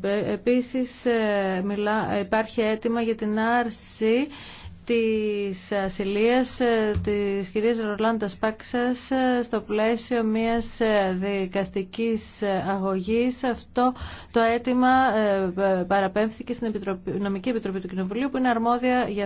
per Επίσης ε, υπάρχει αίτημα για την άρση της ασυλίας ε, της κυρίας Ρολάντα Πάξας ε, στο πλαίσιο μιας δικαστικής αγωγής. Αυτό το αίτημα παραπέμφθηκε στην Επιτροπή, Νομική Επιτροπή του Κοινοβουλίου που είναι αρμόδια για